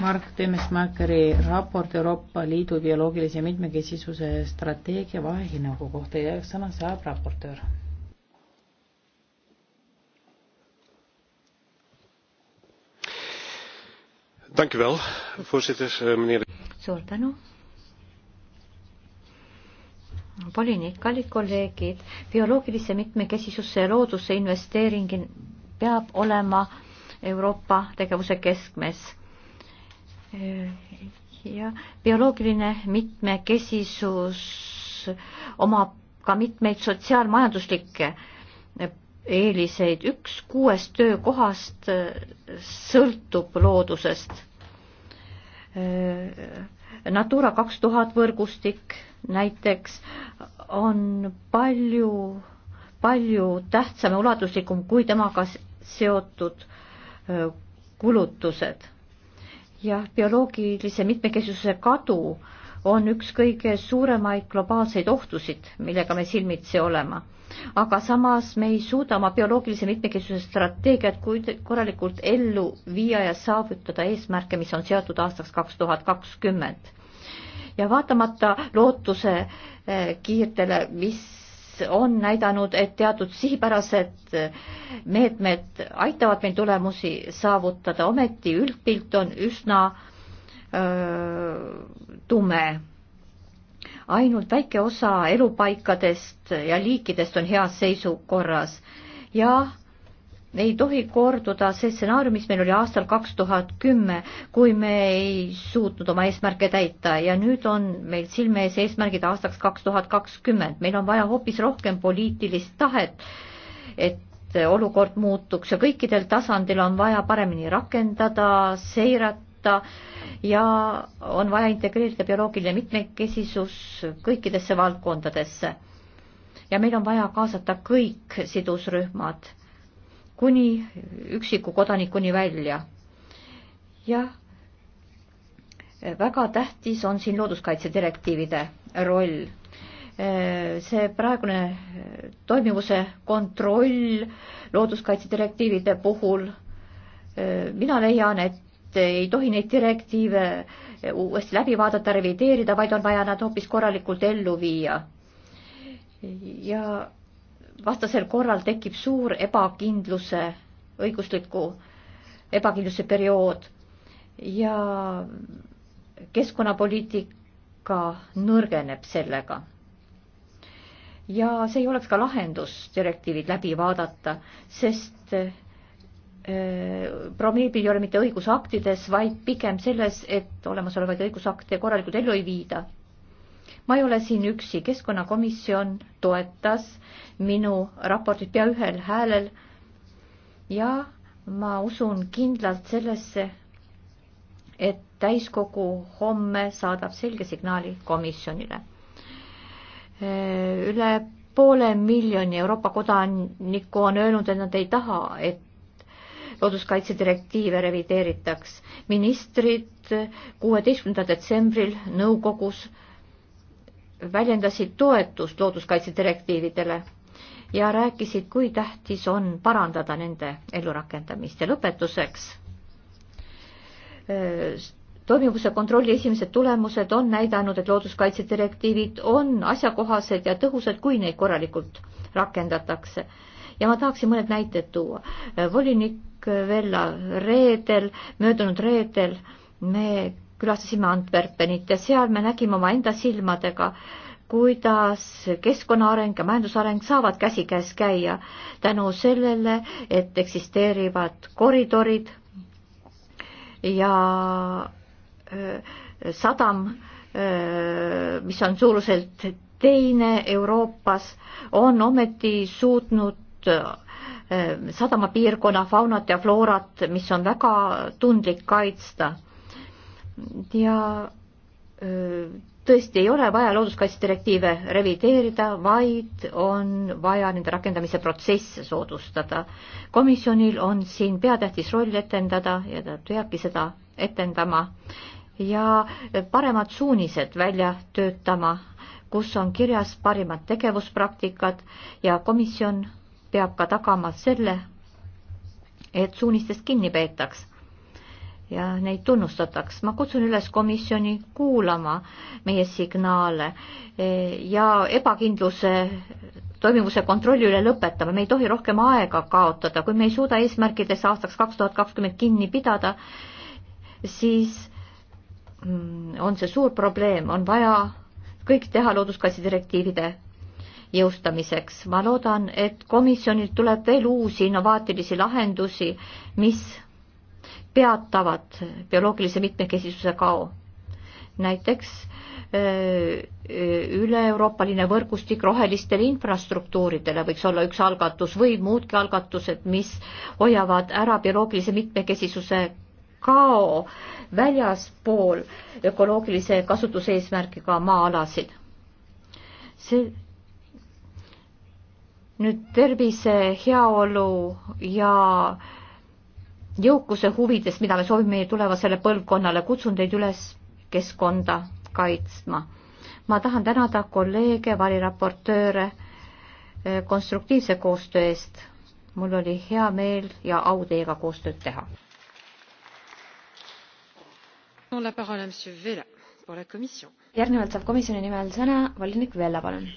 Mark Temesmäkeri raport Euroopa Liidu bioloogilise mitmekesisuse strateegia vahehinnangu kohta ja sõna saab raportöör. Eh, suur tänu. volinik, kallid kolleegid, bioloogilisse mitmekesisusse ja loodusse investeering peab olema Euroopa tegevuse keskmes Äh, ja bioloogiline mitmekesisus omab ka mitmeid sotsiaalmajanduslikke eeliseid. üks kuuest töökohast äh, sõltub loodusest. Äh, Natura kaks tuhat võrgustik näiteks on palju, palju tähtsam ja ulatuslikum kui temaga seotud kulutused jah, bioloogilise mitmekesisuse kadu on üks kõige suuremaid globaalseid ohtusid, millega me silmitsi olema. aga samas me ei suuda oma bioloogilise mitmekesisuse strateegiat korralikult ellu viia ja saavutada eesmärke, mis on seatud aastaks kaks tuhat kakskümmend. ja vaatamata lootuse eh, kiirtele, mis on näidanud, et teatud sihipärased meetmed aitavad meil tulemusi saavutada, ometi üldpilt on üsna öö, tume. ainult väike osa elupaikadest ja liikidest on heas seisukorras ja öö, ei tohi korduda see stsenaarium, mis meil oli aastal kaks tuhat kümme, kui me ei suutnud oma eesmärke täita ja nüüd on meil silme ees eesmärgid aastaks kaks tuhat kakskümmend. meil on vaja hoopis rohkem poliitilist tahet, et olukord muutuks ja kõikidel tasandil on vaja paremini rakendada, seirata ja on vaja integreerida bioloogiline mitmekesisus kõikidesse valdkondadesse. ja meil on vaja kaasata kõik sidusrühmad kuni üksiku kodanikuni välja. jah, väga tähtis on siin looduskaitse direktiivide roll. see praegune toimivuse kontroll looduskaitse direktiivide puhul, mina leian, et ei tohi neid direktiive uuesti läbi vaadata, revideerida, vaid on vaja nad hoopis korralikult ellu viia. ja vastasel korral tekib suur ebakindluse, õigusliku ebakindluse periood ja keskkonnapoliitika nõrgeneb sellega. ja see ei oleks ka lahendus, direktiivid läbi vaadata, sest äh, probleem ei ole mitte õigusaktides, vaid pigem selles, et olemasolevaid õigusakte korralikult ellu ei viida ma ei ole siin üksi, keskkonnakomisjon toetas minu raportit pea ühel häälel ja ma usun kindlalt sellesse, et täiskogu homme saadab selge signaali komisjonile. Äh, üle poole miljoni Euroopa kodanikku on öelnud, et nad ei taha, et looduskaitse direktiive revideeritaks. ministrid kuueteistkümnendal detsembril nõukogus väljendasid toetust looduskaitse direktiividele ja rääkisid, kui tähtis on parandada nende ellurakendamist ja lõpetuseks äh, toimivuse kontrolli esimesed tulemused on näidanud, et looduskaitse direktiivid on asjakohased ja tõhusad, kui neid korralikult rakendatakse. ja ma tahaksin mõned näited tuua. Äh, volinik Vella reedel, möödunud reedel me külastasime Antwerpenit ja seal me nägime omaenda silmadega, kuidas keskkonnaareng ja majandusareng saavad käsikäes käia tänu sellele, et eksisteerivad koridorid ja sadam, mis on suuruselt teine Euroopas, on ometi suutnud sadamapiirkonna faunat ja floorat, mis on väga tundlik kaitsta ja tõesti ei ole vaja looduskaitsedirektiive revideerida, vaid on vaja nende rakendamise protsesse soodustada. komisjonil on siin peatähtis roll etendada ja ta peabki seda etendama ja paremad suunised välja töötama, kus on kirjas parimad tegevuspraktikad ja komisjon peab ka tagama selle, et suunistest kinni peetaks ja neid tunnustataks. ma kutsun üles komisjoni kuulama meie signaale e, ja ebakindluse toimivuse kontrolli üle lõpetama, me ei tohi rohkem aega kaotada, kui me ei suuda eesmärkides aastaks kaks tuhat kakskümmend kinni pidada, siis mm, on see suur probleem, on vaja kõik teha looduskaitsedirektiivide jõustamiseks. ma loodan, et komisjonilt tuleb veel uusi innovaatilisi lahendusi, mis peatavad bioloogilise mitmekesisuse kao. näiteks üle-euroopaline võrgustik rohelistele infrastruktuuridele võiks olla üks algatus või muudki algatused, mis hoiavad ära bioloogilise mitmekesisuse kao väljaspool ökoloogilise kasutuse eesmärgiga maa-alasid. see nüüd tervise, heaolu ja äh, jõukuse huvides, mida me soovime meie tulevasele põlvkonnale, kutsun teid üles keskkonda kaitsma. ma tahan tänada kolleege, variraportööre eh, konstruktiivse koostöö eest. mul oli hea meel ja au teiega koostööd teha. järgnevalt saab komisjoni nimel sõna volinik Vella, palun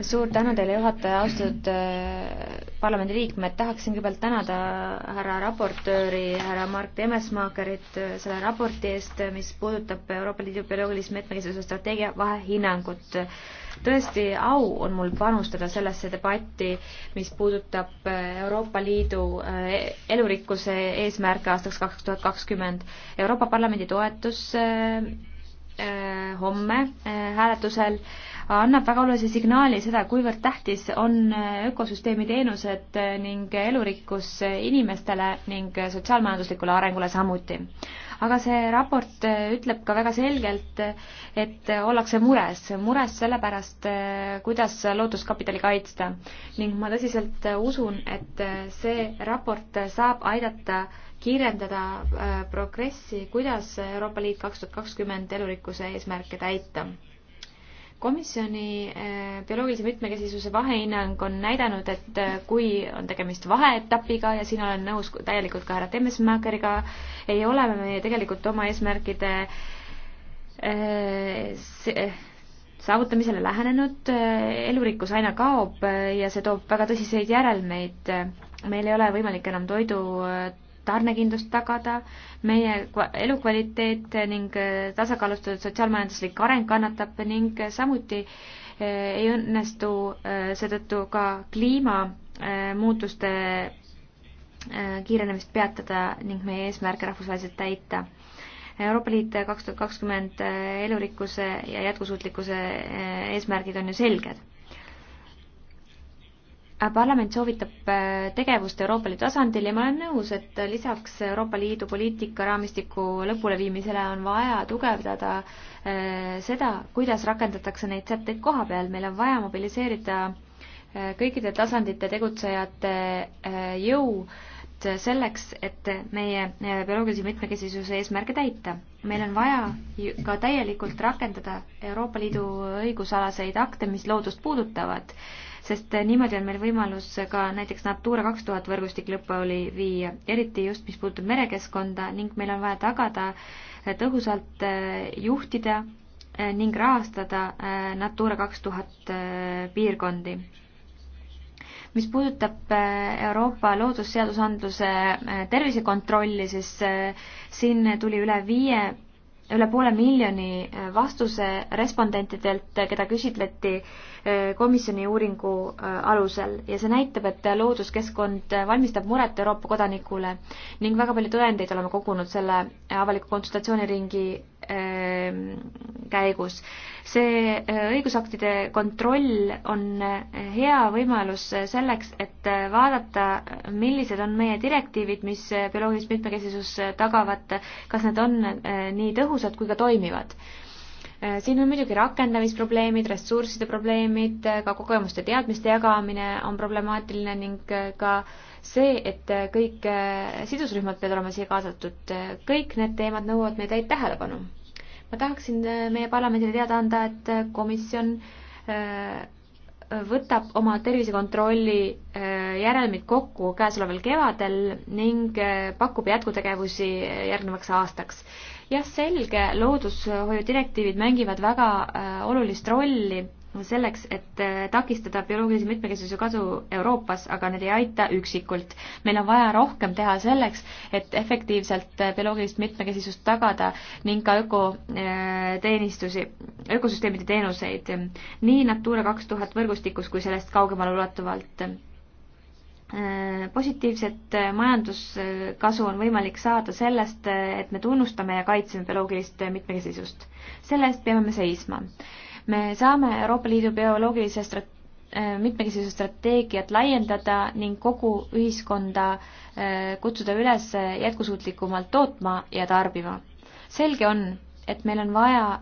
suur tänu teile, juhataja, austatud äh, parlamendiliikmed, tahaksin kõigepealt tänada härra raportööri, härra Mark Temesmaakerit äh, selle raporti eest, äh, mis puudutab Euroopa Liidu bioloogilise mitmekesisuse strateegia vahehinnangut. tõesti, au on mul panustada sellesse debatti, mis puudutab Euroopa Liidu elurikkuse eesmärke aastaks kaks tuhat kakskümmend. Euroopa Parlamendi toetus Äh, homme äh, hääletusel annab väga olulise signaali seda, kuivõrd tähtis on äh, ökosüsteemi teenused ning elurikkus inimestele ning sotsiaalmajanduslikule arengule samuti. aga see raport ütleb ka väga selgelt, et ollakse mures, mures selle pärast, kuidas looduskapitali kaitsta. ning ma tõsiselt usun, et see raport saab aidata kiirendada äh, progressi, kuidas Euroopa Liit kaks tuhat kakskümmend elurikkuse eesmärke täita. komisjoni äh, bioloogilise mitmekesisuse vahehinnang on näidanud, et äh, kui on tegemist vaheetapiga ja siin olen nõus täielikult ka härra Temmesmaakeriga, ei ole me tegelikult oma eesmärkide see, saavutamisele lähenenud, elurikkus aina kaob ja see toob väga tõsiseid järelmeid. meil ei ole võimalik enam toidu tarnekindlust tagada, meie elukvaliteet ning äh, tasakaalustatud sotsiaalmajanduslik areng kannatab ning samuti äh, ei õnnestu äh, seetõttu ka kliimamuutuste kiirenemist peatada ning meie eesmärke rahvusvaheliselt täita. Euroopa Liit kaks tuhat kakskümmend elurikkuse ja jätkusuutlikkuse eesmärgid on ju selged Äh, parlament soovitab äh, tegevust Euroopa Liidu tasandil ja ma olen nõus, et lisaks Euroopa Liidu poliitika raamistiku lõpuleviimisele on vaja tugevdada äh, seda, kuidas rakendatakse neid sätteid koha peal, meil on vaja mobiliseerida kõikide tasandite tegutsejate jõu selleks, et meie bioloogilise mitmekesisuse eesmärke täita. meil on vaja ka täielikult rakendada Euroopa Liidu õigusalaseid akte, mis loodust puudutavad sest niimoodi on meil võimalus ka näiteks Natura kaks tuhat võrgustik lõpuni viia, eriti just, mis puudutab merekeskkonda ning meil on vaja tagada eh, tõhusalt eh, juhtida eh, ning rahastada Natura kaks tuhat piirkondi mis puudutab Euroopa loodusseadusandluse tervisekontrolli, siis siin tuli üle viie üle poole miljoni äh, vastuse respondentidelt, äh, keda küsitleti äh, komisjoni uuringu alusel ja see näitab, et looduskeskkond valmistab muret Euroopa kodanikule ning väga palju tõendeid oleme kogunud selle avaliku konsultatsiooniringi Ähm, käigus. see äh, õigusaktide kontroll on äh, hea võimalus äh, selleks, et vaadata, millised on meie direktiivid, mis bioloogilist mitmekesisust tagavad, kas need on nii tõhusad kui ka toimivad. siin on muidugi rakendamisprobleemid, ressursside probleemid, ka kogemuste teadmiste jagamine on problemaatiline ning ka äh, see, et kõik äh, sidusrühmad peavad olema siia kaasatud, kõik need teemad nõuavad meie täit tähelepanu. ma tahaksin äh, meie parlamendile teada anda, et äh, komisjon võtab oma tervisekontrolli järelmid kokku käesoleval kevadel ning pakub jätkutegevusi järgnevaks aastaks. jah, selge, loodushoiu direktiivid mängivad väga olulist rolli selleks, et äh, takistada bioloogilise mitmekesisuse kasu Euroopas, aga need ei aita üksikult. meil on vaja rohkem teha selleks, et efektiivselt äh, bioloogilist mitmekesisust tagada ning ka ökoteenistusi, äh, ökosüsteemide teenuseid nii Natura kaks tuhat võrgustikus kui sellest kaugemale ulatuvalt positiivset majanduskasu on võimalik saada sellest, et me tunnustame ja kaitseme bioloogilist mitmekesisust. selle eest peame me seisma me saame Euroopa Liidu bioloogilise strate-, äh, mitmekesisuse strateegiat laiendada ning kogu ühiskonda äh, kutsuda üles äh, jätkusuutlikumalt tootma ja tarbima. selge on, et meil on vaja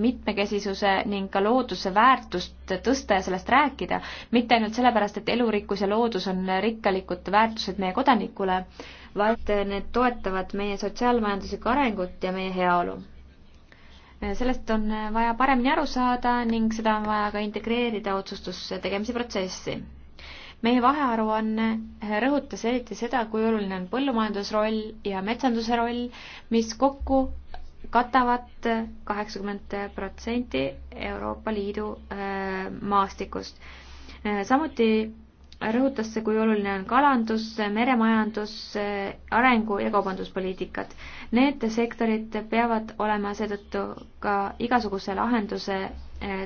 mitmekesisuse ning ka looduse väärtust tõsta ja sellest rääkida, mitte ainult sellepärast, et elurikkus ja loodus on rikkalikud väärtused meie kodanikule, vaid need toetavad meie sotsiaalmajanduslikku arengut ja meie heaolu sellest on vaja paremini aru saada ning seda on vaja ka integreerida otsustuste tegemise protsessi. meie vahearuanne rõhutas eriti seda, kui oluline on põllumajandusroll ja metsanduse roll, mis kokku katavad kaheksakümmend protsenti Euroopa Liidu äh, maastikust. Äh, samuti rõhutas see, kui oluline on kalandus, meremajandus, arengu- ja kaubanduspoliitikad. Need sektorid peavad olema seetõttu ka igasuguse lahenduse eh,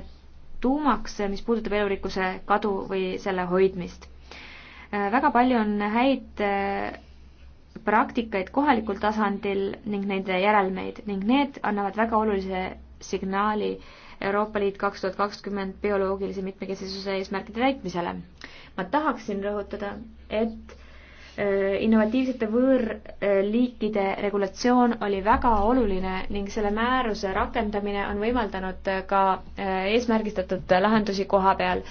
tuumaks, mis puudutab elurikkuse kadu või selle hoidmist. Eh, väga palju on häid eh, praktikaid kohalikul tasandil ning nende järelmeid ning need annavad väga olulise signaali Euroopa Liit kaks tuhat kakskümmend bioloogilise mitmekesisuse eesmärkide täitmisele ma tahaksin rõhutada, et äh, innovatiivsete võõrliikide regulatsioon oli väga oluline ning selle määruse rakendamine on võimaldanud äh, ka äh, eesmärgistatud lahendusi koha peal.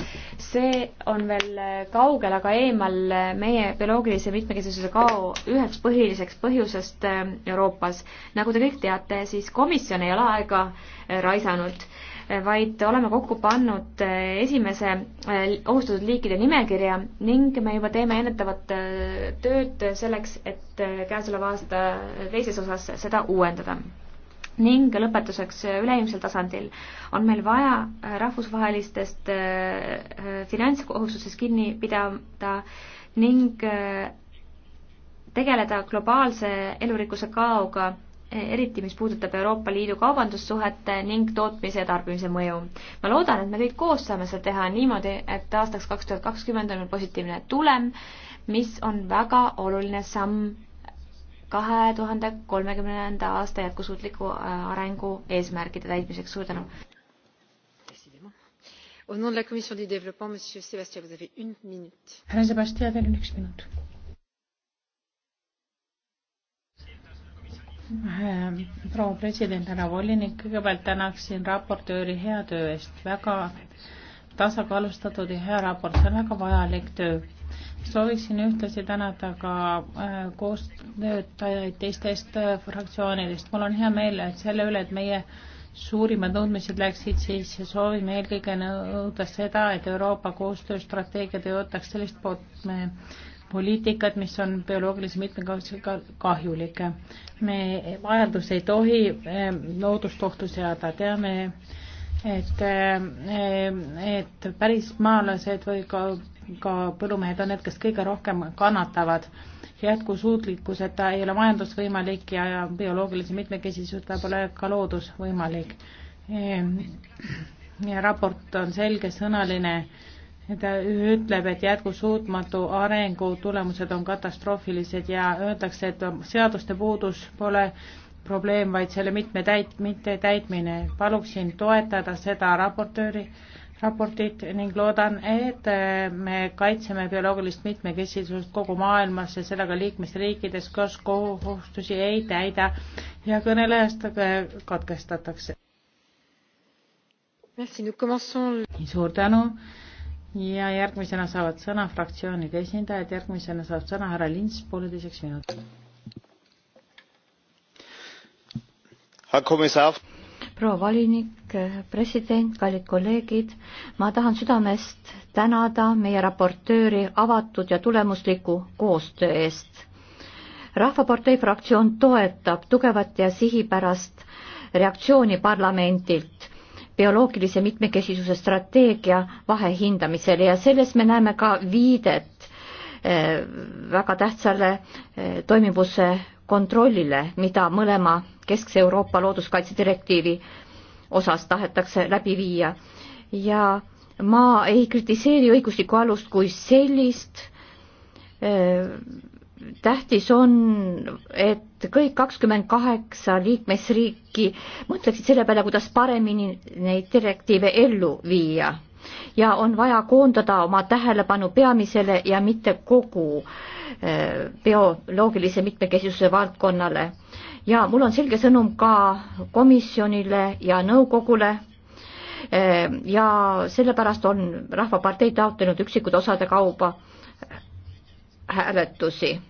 see on veel kaugel, aga eemal meie bioloogilise mitmekesisuse kao üheks põhiliseks põhjusest Euroopas. nagu te kõik teate, siis komisjon ei ole aega raisanud vaid oleme kokku pannud eh, esimese eh, ohustatud liikide nimekirja ning me juba teeme ennetavat eh, tööd selleks, et käesoleva aasta teises osas seda uuendada ning lõpetuseks üleilmsel tasandil on meil vaja rahvusvahelistest finantskohustusest kinni pidada ning tegeleda globaalse elurikkuse kaoga Eh, eriti mis puudutab Euroopa Liidu kaubandussuhete ning tootmise ja tarbimise mõju. ma loodan, et me kõik koos saame seda teha niimoodi, et aastaks kaks tuhat kakskümmend on meil positiivne tulem, mis on väga oluline samm kahe tuhande kolmekümnenda aasta jätkusuutliku äh, arengu eesmärkide täitmiseks. suur tänu! au nom de la commission du développement monsieur sébastien vous avez une minute. härra Sébastien, teil on üks minut Äh, proua president, härra volinik, kõigepealt tänaksin raportööri hea töö eest, väga tasakaalustatud ja hea raport, see on väga vajalik töö. sooviksin ühtlasi tänada ka äh, koostöötajaid teistest äh, fraktsioonidest, mul on hea meel selle üle, et meie suurimad nõudmised läksid siis, soovime eelkõige nõuda seda, et Euroopa koostööstrateegiad jõutakse sellist poolt me poliitikat, mis on bioloogilise mitmekaudsega kahjulik. me, majandus ei tohi eh, loodust ohtu seada, teame, et, eh, et pärismaalased või ka, ka põllumehed on need, kes kõige rohkem kannatavad. jätkusuutlikkuseta ei ole majandus võimalik ja bioloogilise mitmekesisuseta pole ka loodus võimalik. Eh, ja raport on selgesõnaline ta ütleb, et jätkusuutmatu arengu tulemused on katastroofilised ja öeldakse, et seaduste puudus pole probleem, vaid selle mitme täit-, mittetäitmine. paluksin toetada seda raportööri, raportit ning loodan, et äh, me kaitseme bioloogilist mitmekesisust kogu maailmas ja sellega liikmesriikides, kus kohustusi ei täida ja kõnelejast äh, katkestatakse. suur tänu ja järgmisena saavad sõna fraktsioonide esindajad, järgmisena saab sõna härra Lints pooleteiseks minutiks. proua volinik, president, kallid kolleegid, ma tahan südamest tänada meie raportööri avatud ja tulemusliku koostöö eest. rahvapartei fraktsioon toetab tugevat ja sihipärast reaktsiooni parlamendilt bioloogilise mitmekesisuse strateegia vahehindamisele ja selles me näeme ka viidet eh, väga tähtsale eh, toimivuse kontrollile, mida mõlema Keskse Euroopa looduskaitse direktiivi osas tahetakse läbi viia. ja ma ei kritiseeri õiguslikku alust kui sellist, eh, tähtis on, et kõik kakskümmend kaheksa liikmesriiki mõtleksid selle peale, kuidas paremini neid direktiive ellu viia. ja on vaja koondada oma tähelepanu peamisele ja mitte kogu eh, bioloogilise mitmekesisuse valdkonnale. ja mul on selge sõnum ka komisjonile ja nõukogule, eh, ja sellepärast on Rahvapartei taotlenud üksikud osade kauba hääletusi.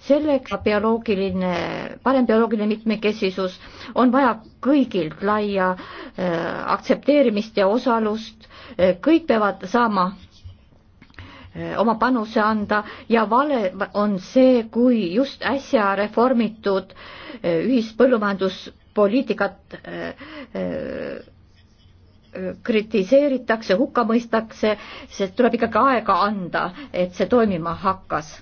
selleks bioloogiline, parem bioloogiline mitmekesisus on vaja kõigilt laia äh, aktsepteerimist ja osalust, äh, kõik peavad saama äh, oma panuse anda ja vale on see, kui just äsja reformitud äh, ühispõllumajanduspoliitikat kritiseeritakse, hukka mõistakse, sest tuleb ikkagi aega anda, et see toimima hakkas.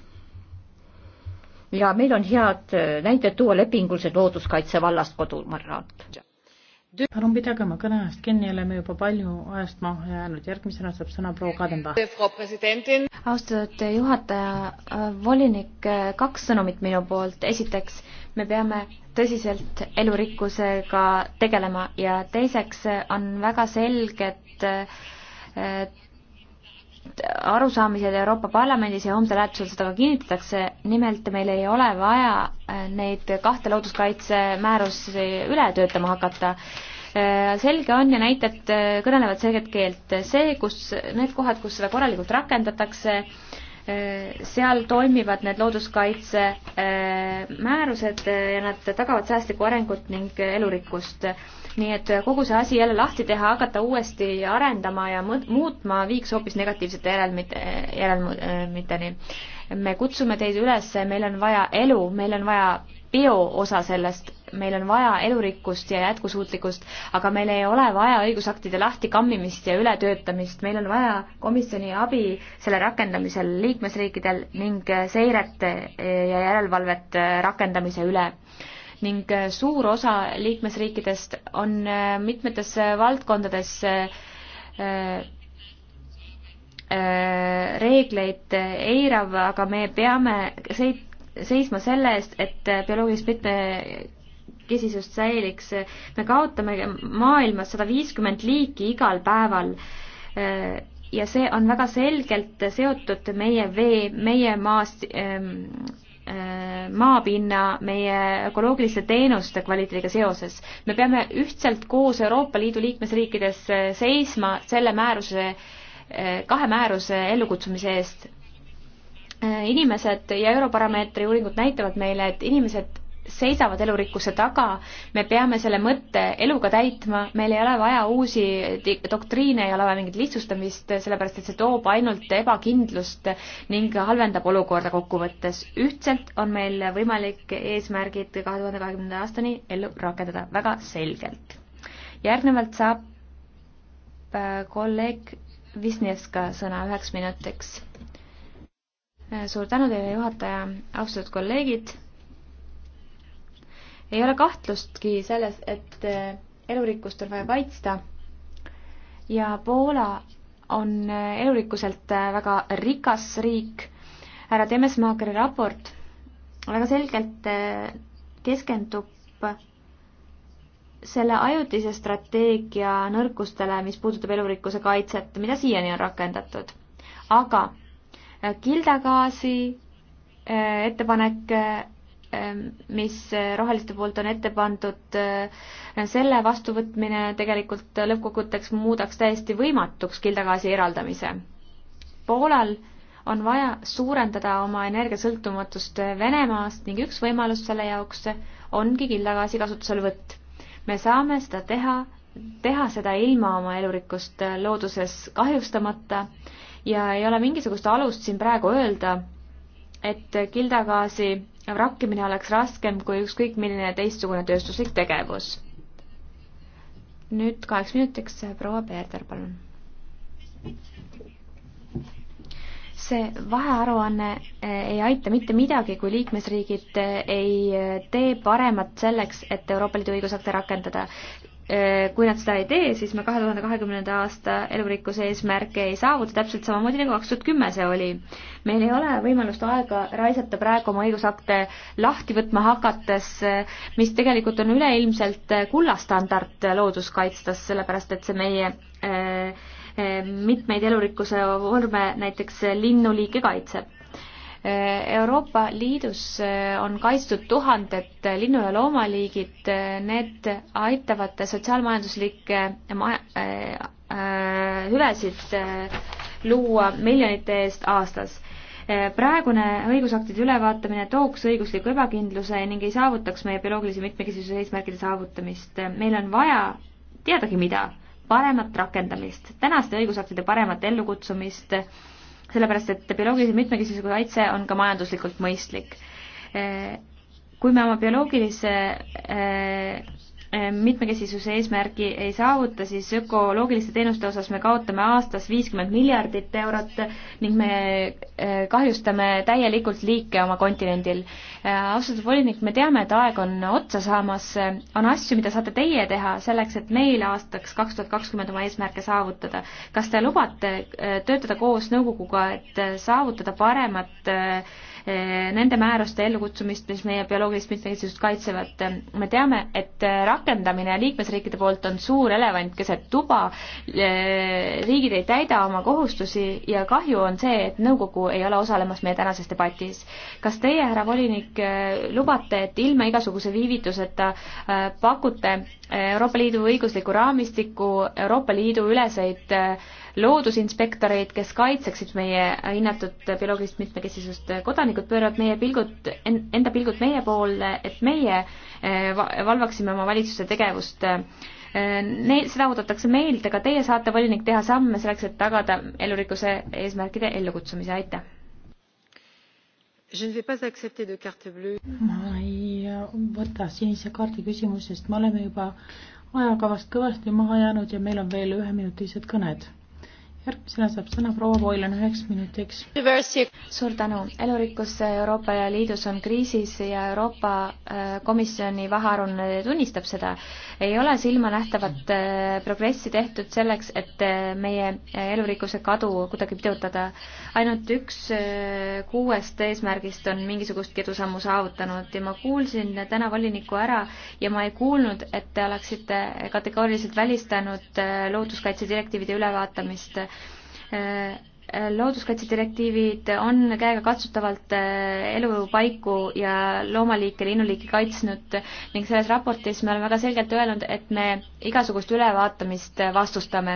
ja meil on head äh, näited tuua lepingulised looduskaitse vallast kodumaalt. palun pidage oma kõne ajast kinni, oleme juba palju ajast maha jäänud, järgmisena saab sõna proua Kadenba. austatud juhataja, äh, volinik, äh, kaks sõnumit minu poolt, esiteks me peame tõsiselt elurikkusega tegelema ja teiseks on väga selged äh, arusaamised Euroopa Parlamendis ja homsel hääletusel seda ka kinnitatakse, nimelt meil ei ole vaja äh, neid kahte looduskaitsemäärusi üle töötama hakata. Äh, selge on ja näited kõnelevad selget keelt, see, kus need kohad, kus seda korralikult rakendatakse, Äh, seal toimivad need looduskaitse äh, määrused äh, ja nad tagavad säästlikku arengut ning elurikkust. nii et kogu see asi jälle lahti teha, hakata uuesti arendama ja muutma, viiks hoopis negatiivsete järelmite, järelmiteni. me kutsume teid üles, meil on vaja elu, meil on vaja bioosa sellest, meil on vaja elurikkust ja jätkusuutlikkust, aga meil ei ole vaja õigusaktide lahtikammimist ja ületöötamist, meil on vaja komisjoni abi selle rakendamisel liikmesriikidel ning seiret ja järelevalvet rakendamise üle ning suur osa liikmesriikidest on mitmetes valdkondades äh, äh, reegleid eirav, aga me peame seit-, seisma selle eest, et bioloogilist mitmekesisust säiliks. me kaotame maailmas sada viiskümmend liiki igal päeval ja see on väga selgelt seotud meie vee, meie maast, ähm, äh, maapinna, meie ökoloogiliste teenuste kvaliteediga seoses. me peame ühtselt koos Euroopa Liidu liikmesriikides seisma selle määruse, äh, kahe määruse ellukutsumise eest Äh, inimesed ja Eurobaromeetri uuringud näitavad meile, et inimesed seisavad elurikkuse taga, me peame selle mõtte eluga täitma, meil ei ole vaja uusi doktriine, ei ole vaja mingit lihtsustamist, sellepärast et see toob ainult ebakindlust ning halvendab olukorda kokkuvõttes. ühtselt on meil võimalik eesmärgid kahe tuhande kahekümnenda aastani ellu rakendada väga selgelt. järgnevalt saab äh, kolleeg Visnevska sõna üheks minutiks Äh, suur tänu teile, juhataja, austatud kolleegid. ei ole kahtlustki selles, et äh, elurikkust on vaja kaitsta. ja Poola on äh, elurikkuselt väga rikas riik. härra Temesmaakeri raport väga selgelt keskendub selle ajutise strateegia nõrkustele, mis puudutab elurikkuse kaitset, mida siiani on rakendatud. aga kildagaasi äh, ettepanek, äh, mis roheliste poolt on ette pandud, äh, selle vastuvõtmine tegelikult lõppkokkuvõtteks muudaks täiesti võimatuks kildagaasi eraldamise. Poolal on vaja suurendada oma energiasõltumatust Venemaast ning üks võimalus selle jaoks ongi kildagaasi kasutuselevõtt. me saame seda teha teha seda ilma oma elurikkust looduses kahjustamata ja ei ole mingisugust alust siin praegu öelda, et kildagaasi vrakkimine oleks raskem kui ükskõik milline teistsugune tööstuslik tegevus. nüüd kaheks minutiks proua Peeter, palun. see vahearuanne eh, ei aita mitte midagi, kui liikmesriigid eh, ei eh, tee paremat selleks, et Euroopa Liidu õigusakte rakendada Äh, kui nad seda ei tee, siis me kahe tuhande kahekümnenda aasta elurikkuse eesmärke ei saavuta, täpselt samamoodi nagu kaks tuhat kümme see oli. meil ei ole võimalust aega raisata praegu oma õigusakte lahti võtma hakates, mis tegelikult on üleilmselt kullastandard looduskaitstes, sellepärast et see meie äh, äh, mitmeid elurikkuse vorme, näiteks linnuliike kaitseb Euroopa Liidus eh, on kaitstud tuhanded linnu- ja loomaliigid, eh, need aitavad sotsiaalmajanduslikke eh, hüvesid luua miljonite eest aastas. praegune õigusaktide ülevaatamine tooks õigusliku ebakindluse ning ei saavutaks meie bioloogilise mitmekesisuse eesmärkide saavutamist. meil on vaja teadagi mida, paremat rakendamist, tänaste õigusaktide paremat ellukutsumist sellepärast et bioloogilise mitmekesisuse kaitse on ka majanduslikult mõistlik. kui me oma bioloogilise Ehm, mitmekesisuse eesmärki ei saavuta, siis ökoloogiliste teenuste osas me kaotame aastas viiskümmend miljardit eurot ning me ehm, kahjustame täielikult liike oma kontinendil. Ehm, austatud volinik, me teame, et aeg on otsa saamas, on asju, mida saate teie teha selleks, et meil aastaks kaks tuhat kakskümmend oma eesmärke saavutada. kas te lubate töötada koos nõukoguga, et saavutada paremat Eh, nende määruste ellukutsumist, mis meie bioloogilist mitmekesisust kaitsevad. me teame, et rakendamine liikmesriikide poolt on suur elevant keset tuba, eh, riigid ei täida oma kohustusi ja kahju on see, et nõukogu ei ole osalemas meie tänases debatis. kas teie, härra volinik, eh, lubate, et ilma igasuguse viivituseta pakute Euroopa Liidu õigusliku raamistiku Euroopa Liidu üleseid loodusinspektoreid, kes kaitseksid meie hinnatud bioloogilist mitmekesisust. kodanikud pööravad meie pilgud, enda pilgud meie poole, et meie eh, valvaksime oma valitsuse tegevust. Eh, Neid, seda oodatakse meilt, aga teie saate, volinik, teha samme selleks, et tagada elurikkuse eesmärkide ellukutsumise, aitäh! ma ei äh, võta sinise kaardi küsimusest, me oleme juba ajakavast kõvasti maha jäänud ja meil on veel üheminutised kõned järgmisena saab sõna proua Voilen üheks minutiks. suur tänu. elurikkus Euroopa Liidus on kriisis ja Euroopa äh, Komisjoni vahearuanne tunnistab seda. ei ole silmanähtavat äh, progressi tehtud selleks, et äh, meie elurikkuse kadu kuidagi pidurdada. ainult üks kuuest eesmärgist on mingisugustki edusammu saavutanud ja ma kuulsin täna voliniku ära ja ma ei kuulnud, et te oleksite kategooriliselt välistanud looduskaitse direktiivide ülevaatamist Äh, looduskaitsedirektiivid on käegakatsutavalt äh, elupaiku ja loomaliike, linnuliike kaitsnud ning selles raportis me oleme väga selgelt öelnud, et me igasugust ülevaatamist äh, vastustame.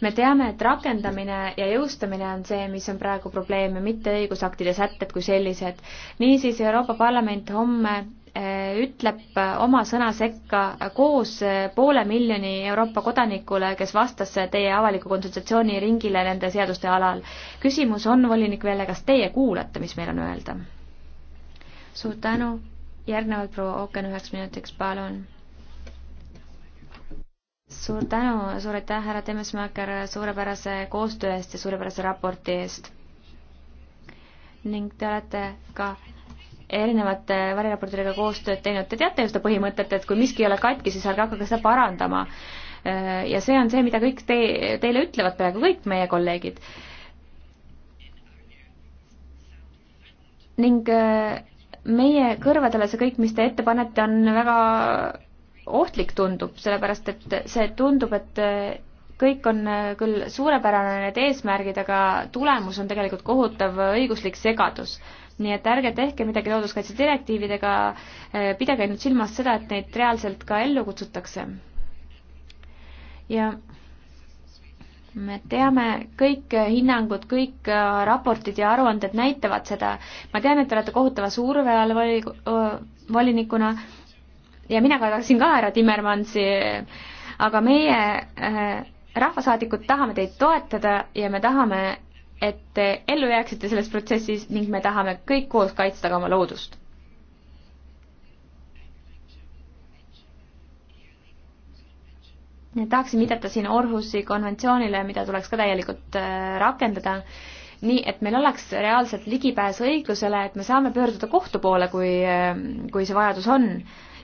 me teame, et rakendamine ja jõustamine on see, mis on praegu probleem ja mitte õigusaktide sätted kui sellised. niisiis Euroopa Parlament homme Äh, ütleb äh, oma sõna sekka äh, koos poole miljoni Euroopa kodanikule, kes vastas teie avaliku konsultatsiooni ringile nende seaduste alal. küsimus on, volinik Velle, kas teie kuulate, mis meil on öelda? suur tänu, järgnevalt proua Ooken üheks minutiks, palun. suur tänu, suur aitäh, härra Temesmaeker, suurepärase koostöö eest ja suurepärase raporti eest. ning te olete ka äh, erinevate variraportööridega koostööd teinud, te teate ju seda põhimõtet, et kui miski ei ole katki, siis ärge hakake seda parandama. Äh, ja see on see, mida kõik te, teile ütlevad peaaegu kõik meie kolleegid. ning äh, meie kõrvadele see kõik, mis te ette panete, on väga ohtlik tundub, sellepärast et see tundub, et äh, kõik on küll suurepärane, need eesmärgid, aga tulemus on tegelikult kohutav õiguslik segadus nii et ärge tehke midagi looduskaitse direktiividega, eh, pidage ainult silmas seda, et neid reaalselt ka ellu kutsutakse. ja me teame, kõik hinnangud, kõik eh, raportid ja aruanded näitavad seda. ma tean, et te olete kohutava surve all voli-, eh, volinikuna ja mina kardasin ka härra Timmermansi, aga meie äh, rahvasaadikud tahame teid toetada ja me tahame, et te ellu jääksite selles protsessis ning me tahame kõik koos kaitsta ka oma loodust. tahaksin viidata siin Orhusi konventsioonile, mida tuleks ka täielikult äh, rakendada, nii et meil oleks reaalselt ligipääs õiglusele, et me saame pöörduda kohtu poole, kui, äh, kui see vajadus on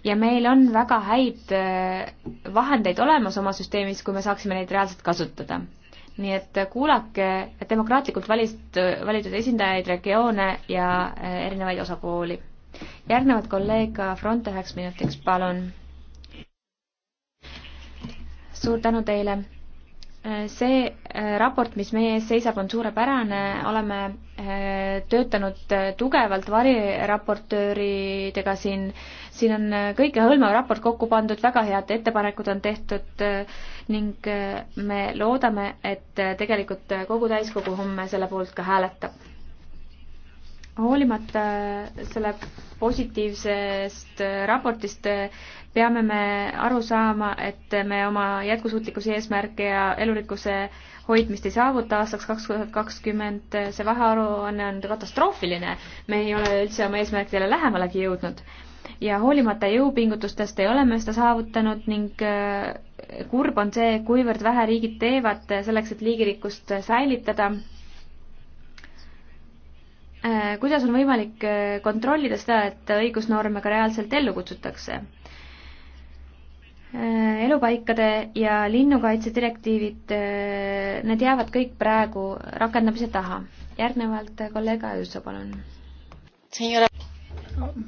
ja meil on väga häid äh, vahendeid olemas oma süsteemis, kui me saaksime neid reaalselt kasutada nii et kuulake demokraatlikult valist, valitud esindajaid, regioone ja äh, erinevaid osapooli. järgnevalt kolleeg Front üheks minutiks, palun. suur tänu teile see äh, raport, mis meie ees seisab, on suurepärane, oleme äh, töötanud äh, tugevalt variraportööridega siin, siin on kõikehõlmav raport kokku pandud, väga head ettepanekud on tehtud ning me loodame, et tegelikult kogu täiskogu homme selle poolt ka hääletab. hoolimata selle positiivsest raportist peame me aru saama, et me oma jätkusuutlikkuse eesmärke ja elurikkuse hoidmist ei saavuta aastaks kaks tuhat kakskümmend, see vahearuanne on, on katastroofiline. me ei ole üldse oma eesmärkidele lähemalegi jõudnud. ja hoolimata jõupingutustest ei ole me seda saavutanud ning äh, kurb on see, kuivõrd vähe riigid teevad selleks, et liigirikkust säilitada Äh, kuidas on võimalik äh, kontrollida seda, et õigusnorme ka reaalselt ellu kutsutakse? Äh, elupaikade ja linnukaitse direktiivid, need jäävad kõik praegu rakendamise taha. järgnevalt kolleeg Ajuso, palun.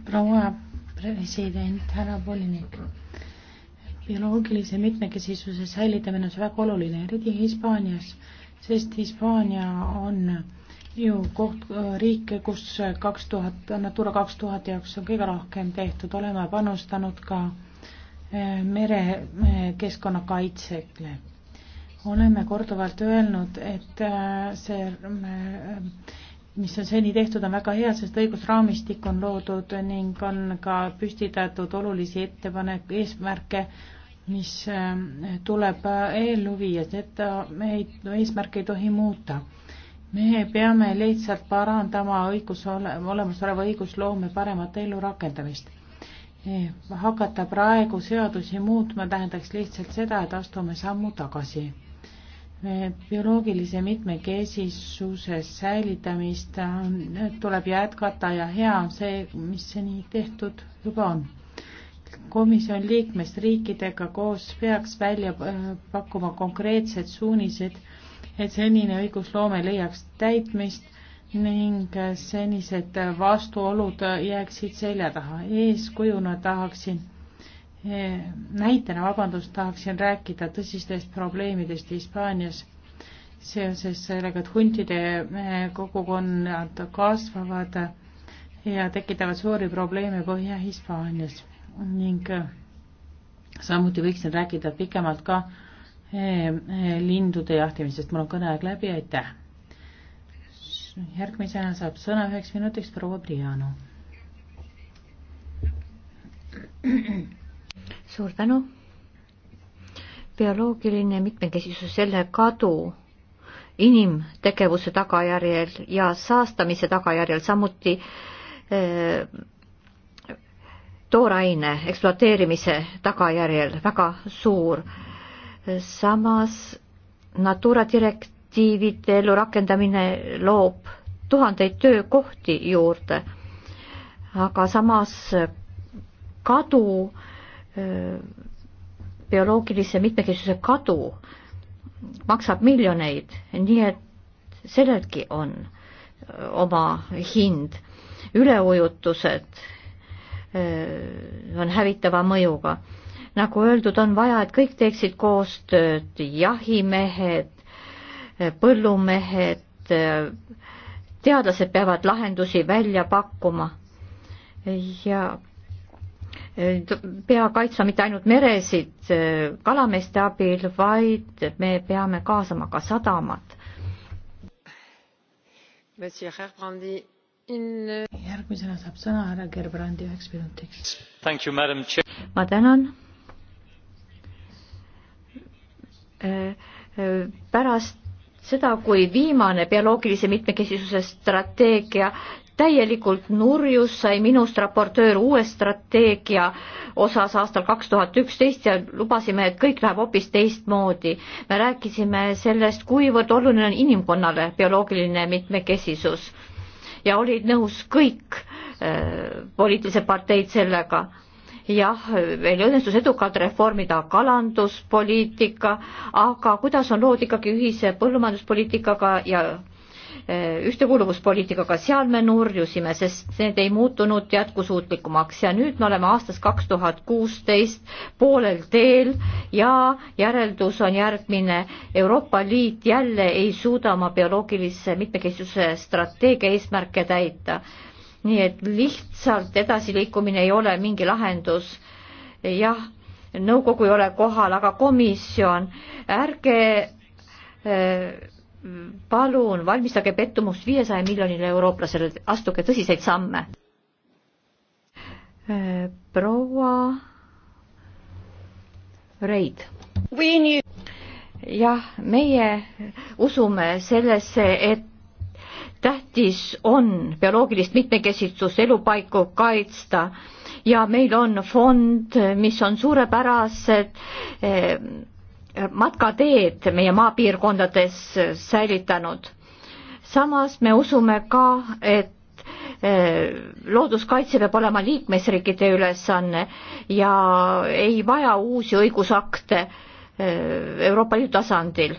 proua president, härra volinik, bioloogilise mitmekesisuse säilitamine on väga oluline, eriti Hispaanias, sest Hispaania on ju koht, riike, kus kaks tuhat, Natura kaks tuhat jaoks on kõige rohkem tehtud, oleme panustanud ka eh, merekeskkonna eh, kaitsele. oleme korduvalt öelnud, et eh, see, mis on seni tehtud, on väga hea, sest õigusraamistik on loodud ning on ka püstitatud olulisi ettepanek-, eesmärke, mis tuleb ellu viia, seda me ei, eesmärke ei tohi muuta me peame lihtsalt parandama õigus, olemasoleva õigusloome paremat ellu rakendamist. Eh, hakata praegu seadusi muutma tähendaks lihtsalt seda, et astume sammu tagasi. bioloogilise mitmekesisuse säilitamist eh, tuleb jätkata ja hea on see, mis seni tehtud juba on komisjon liikmesriikidega koos peaks välja eh, pakkuma konkreetsed suunised äh, et senine õigusloome leiaks täitmist ning senised vastuolud jääksid selja taha. eeskujuna tahaksin, eh, näitena, vabandust, tahaksin rääkida tõsistest probleemidest Hispaanias seoses sellega, et huntide eh, kogukonnad kasvavad ja tekitavad suuri probleeme Põhja-Hispaanias ning eh, samuti võiksin rääkida pikemalt ka äh, Eh, eh, lindude jahtimisest. mul on kõneaeg läbi, aitäh. järgmisena saab sõna üheks minutiks proua Priano. suur tänu. bioloogiline mitmekesisus, selle kadu inimtegevuse tagajärjel ja saastamise tagajärjel, samuti äh, tooraine ekspluateerimise tagajärjel väga suur äh, samas Natura direktiivide ellurakendamine loob tuhandeid töökohti juurde, aga samas kadu, bioloogilise mitmekesisuse kadu maksab miljoneid, nii et sellelgi on oma hind. üleujutused eh, on hävitava mõjuga nagu öeldud, on vaja, et kõik teeksid koostööd, jahimehed, põllumehed, teadlased peavad lahendusi välja pakkuma ja e, pea kaitsma mitte ainult meresid e, kalameeste abil, vaid me peame kaasama ka sadamad. E- järgmisena saab sõna härra Gerbrandi üheks minutiks. ma tänan pärast seda, kui viimane bioloogilise mitmekesisuse strateegia täielikult nurjus, sai minust raportöör uue strateegia osas aastal kaks tuhat üksteist ja lubasime, et kõik läheb hoopis teistmoodi. me rääkisime sellest, kuivõrd oluline on inimkonnale bioloogiline mitmekesisus ja olid nõus kõik äh, poliitilised parteid sellega jah, meil õnnestus edukalt reformida kalanduspoliitika, aga kuidas on lood ikkagi ühise põllumajanduspoliitikaga ja eh, ühtekuuluvuspoliitikaga, seal me nurjusime, sest need ei muutunud jätkusuutlikumaks ja nüüd me oleme aastas kaks tuhat kuusteist poolel teel ja järeldus on järgmine. Euroopa Liit jälle ei suuda oma bioloogilise mitmekesisuse strateegia eesmärke täita nii et lihtsalt edasiliikumine ei ole mingi lahendus. jah, nõukogu ei ole kohal, aga komisjon, ärge äh, palun valmistage pettumust viiesaja miljonile eurooplasele, astuge tõsiseid samme. Eh, proua Reid. jah, meie usume sellesse, et tähtis on bioloogilist mitmekesitsust, elupaiku kaitsta ja meil on fond, mis on suurepärased eh, matkateed meie maapiirkondades säilitanud. samas me usume ka, et eh, looduskaitse peab olema liikmesriikide ülesanne ja ei vaja uusi õigusakte eh, Euroopa Liidu tasandil.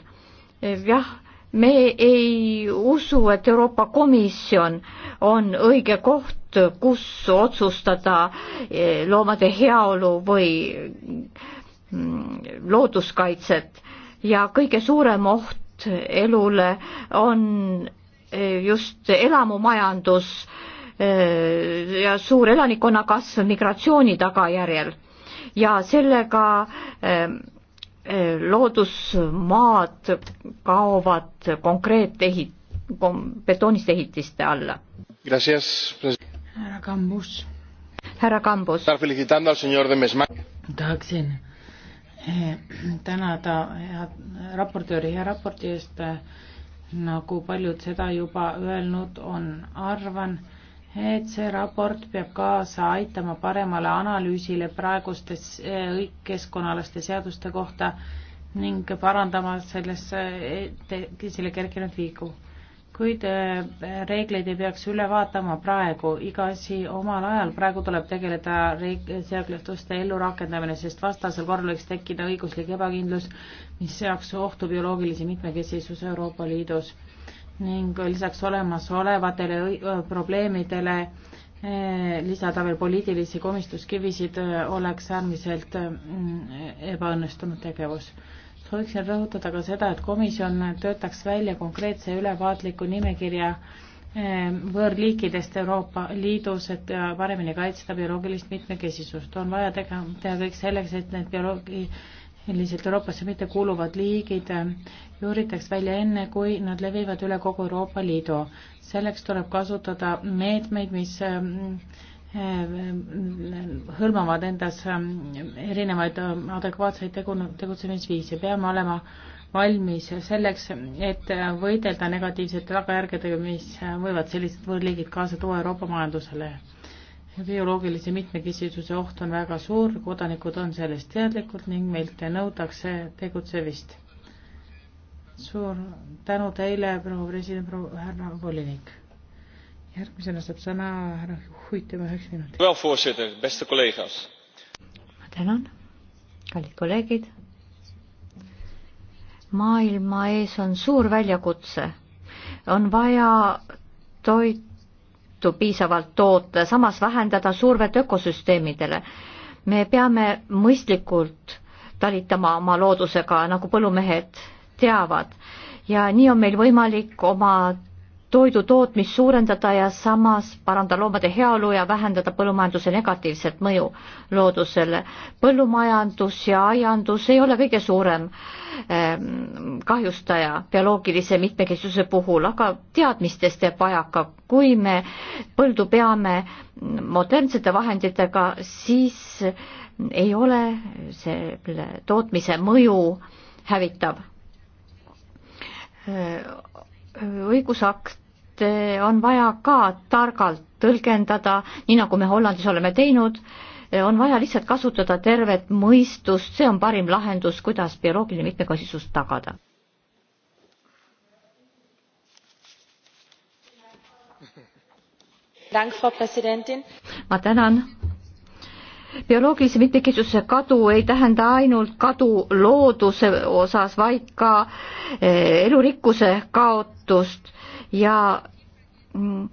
jah me ei usu, et Euroopa Komisjon on õige koht, kus otsustada eh, loomade heaolu või mm, looduskaitset ja kõige suurem oht elule on eh, just elamumajandus eh, ja suur elanikkonna kasv migratsiooni tagajärjel ja sellega loodusmaad kaovad konkreetehit-, betoonist ehitiste alla. härra Kambus. härra Kambus. tahaksin eh, tänada head raportööri hea raporti eest, nagu paljud seda juba öelnud on, arvan, et see raport peab kaasa aitama paremale analüüsile praegustes eh, keskkonnalaste seaduste kohta ning parandama sellesse, eh, selle kerkinud viigu. kuid eh, reegleid ei peaks üle vaatama praegu, iga asi omal ajal, praegu tuleb tegeleda reeg-, seaduste ellurakendamine, sest vastasel korral võiks tekkida õiguslik ebakindlus, mis seaks ohtu bioloogilise mitmekesisuse Euroopa Liidus ning lisaks olemasolevatele probleemidele eh, lisada veel poliitilisi komistuskivisid oleks äärmiselt mm, ebaõnnestunud tegevus. sooviksin rõhutada ka seda, et komisjon töötaks välja konkreetse ülevaatliku nimekirja eh, võõrliikidest Euroopa Liidus, et paremini kaitsta bioloogilist mitmekesisust. on vaja teha, teha kõik selleks, et need bioloogi lihtsalt Euroopasse mittekuuluvad liigid äh, juuritaks välja enne, kui nad levivad üle kogu Euroopa Liidu. selleks tuleb kasutada meetmeid, mis äh, äh, hõlmavad endas erinevaid adekvaatseid tegu, tegutsemisviise, peame olema valmis selleks, et võidelda negatiivsete tagajärgedega, mis võivad sellised võõrliigid kaasa tuua Euroopa majandusele bioloogilise mitmekesisuse oht on väga suur, kodanikud on sellest teadlikud ning meilt nõutakse tegutsemist. suur tänu teile, proua president, proua härra volinik. järgmisena saab sõna härra Huitema üheks minutiks. ma tänan, kallid kolleegid. maailma ees on suur väljakutse, on vaja toit toitu piisavalt toota, samas vähendada survet ökosüsteemidele. me peame mõistlikult talitama oma loodusega, nagu põllumehed teavad ja nii on meil võimalik oma toidu tootmist suurendada ja samas parandada loomade heaolu ja vähendada põllumajanduse negatiivset mõju loodusele. põllumajandus ja aiandus ei ole kõige suurem ehm, kahjustaja bioloogilise mitmekesisuse puhul, aga teadmistest jääb vajaka. kui me põldu peame modernsete vahenditega, siis ei ole selle tootmise mõju hävitav õigusakte on vaja ka targalt tõlgendada, nii nagu me Hollandis oleme teinud, on vaja lihtsalt kasutada tervet mõistust, see on parim lahendus, kuidas bioloogiline mitmekesisus tagada. ma tänan bioloogilise mitmekesisuse kadu ei tähenda ainult kadu looduse osas, vaid ka eh, elurikkuse kaotust ja mm,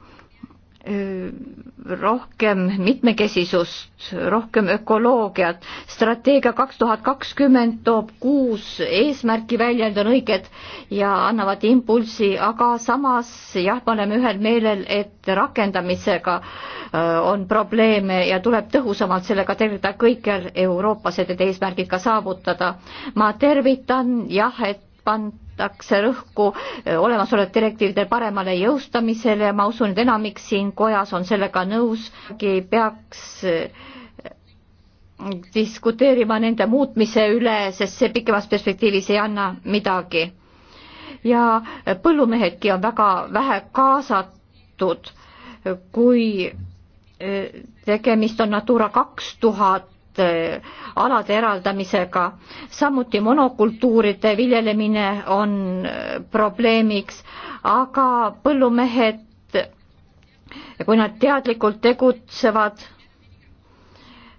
rohkem mitmekesisust, rohkem ökoloogiat. strateegia kaks tuhat kakskümmend toob kuus eesmärki välja, need on õiged ja annavad impulsi, aga samas jah, me oleme ühel meelel, et rakendamisega on probleeme ja tuleb tõhusamalt sellega tegeleda kõikjal Euroopas, et need eesmärgid ka saavutada. ma tervitan jah, et pand-, seatakse rõhku eh, olemasolevate direktiivide paremale jõustamisele ja ma usun, et enamik siin kojas on sellega nõus, peaks eh, diskuteerima nende muutmise üle, sest see pikemas perspektiivis ei anna midagi. ja põllumehedki on väga vähe kaasatud, kui eh, tegemist on Natura kaks tuhat seotud äh, alade eraldamisega. samuti monokultuuride viljelemine on äh, probleemiks, aga põllumehed, kui nad teadlikult tegutsevad,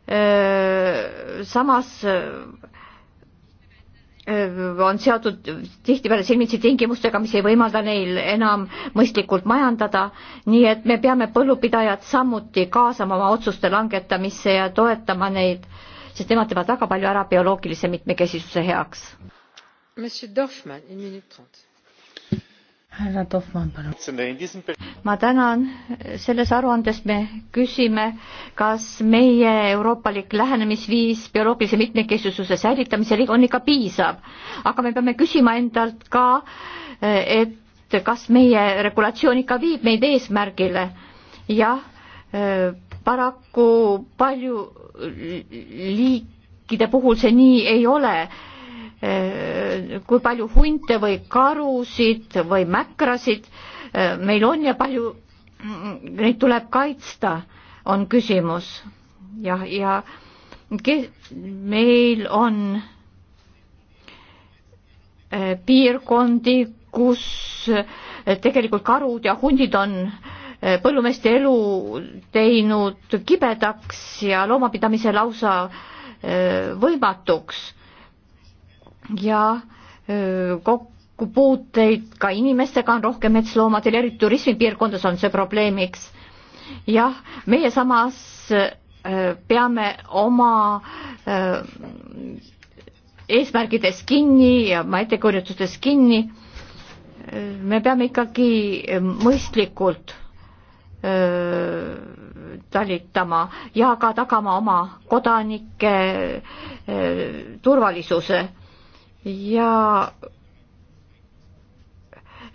äh, samas on seotud tihtipeale silmitsi tingimustega, mis ei võimalda neil enam mõistlikult majandada, nii et me peame põllupidajad samuti kaasama oma otsuste langetamisse ja toetama neid, sest nemad teevad väga palju ära bioloogilise mitmekesisuse heaks härra Tohman, palun. ma tänan, selles aruandes me küsime, kas meie euroopalik lähenemisviis bioloogilise mitmekesisuse säilitamisel on ikka piisav, aga me peame küsima endalt ka, et kas meie regulatsioon ikka viib meid eesmärgile. jah, eh, paraku palju liikide puhul see nii ei ole kui palju hunte või karusid või mäkrasid e, meil on ja palju neid tuleb kaitsta, on küsimus. jah, ja, ja kes, meil on e, piirkondi, kus e, tegelikult karud ja hundid on põllumeeste elu teinud kibedaks ja loomapidamise lausa võimatuks ja kokkupuuteid ka inimestega on rohkem metsloomadel, eriti turismipiirkondades on see probleemiks. jah, meie samas peame oma eesmärgides kinni ja oma ettekujutustes kinni. me peame ikkagi mõistlikult talitama ja ka tagama oma kodanike turvalisuse ja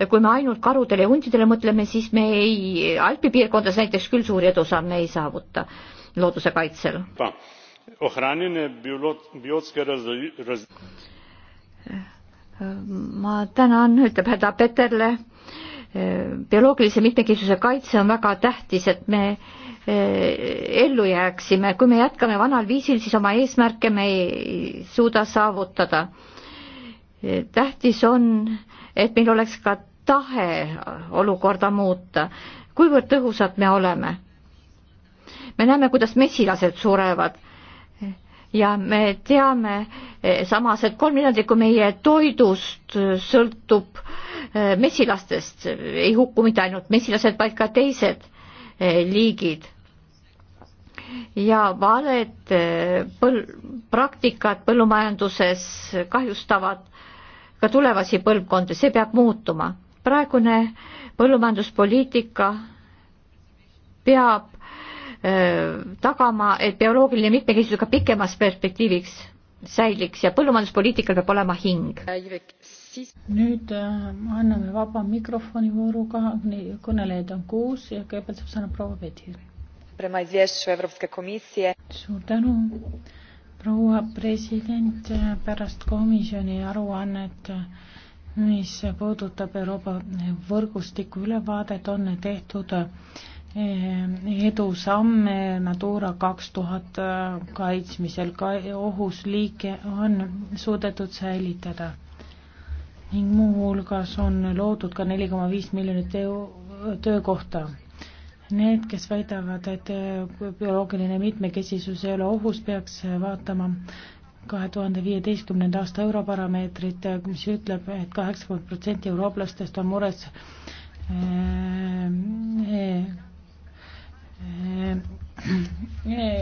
kui me ainult karudele ja huntidele mõtleme, siis me ei, Alpi piirkondades näiteks küll suuri edusamme ei saavuta looduse kaitsel. ma tänan, ütleb Hedda Peterle. bioloogilise mitmekesisuse kaitse on väga tähtis, et me eh, ellu jääksime, kui me jätkame vanal viisil, siis oma eesmärke me ei suuda saavutada tähtis on, et meil oleks ka tahe olukorda muuta, kuivõrd tõhusad me oleme. me näeme, kuidas mesilased surevad ja me teame eh, samas, et kolm neljandikku meie toidust sõltub eh, mesilastest, ei hukku mitte ainult mesilased, vaid ka teised eh, liigid ja valed eh, põl-, praktikad põllumajanduses kahjustavad ka tulevasi põlvkondi, see peab muutuma. praegune põllumajanduspoliitika peab öö, eh, tagama, et bioloogiline mitmekesisus ka pikemas perspektiiviks säiliks ja põllumajanduspoliitikal peab olema hing. nüüd eh, anname vaba mikrofoni vooru ka, kõnelejaid on kuus ja kõigepealt saab sõna proua Petir prema izvješću Europske komisije. suur tänu, proua president, pärast komisjoni aruannet, mis puudutab Euroopa võrgustiku ülevaadet, on tehtud eh, edusamme Natura kaks tuhat eh, kaitsmisel, ka ohusliike on suudetud säilitada ning muuhulgas on loodud ka neli koma viis miljonit töökohta Need, kes väidavad, et äh, bioloogiline mitmekesisus ei ole ohus, peaks äh, vaatama kahe tuhande viieteistkümnenda aasta Europarameetrit, äh, mis ütleb et, et kaheksakümmend protsenti eurooplastest on mures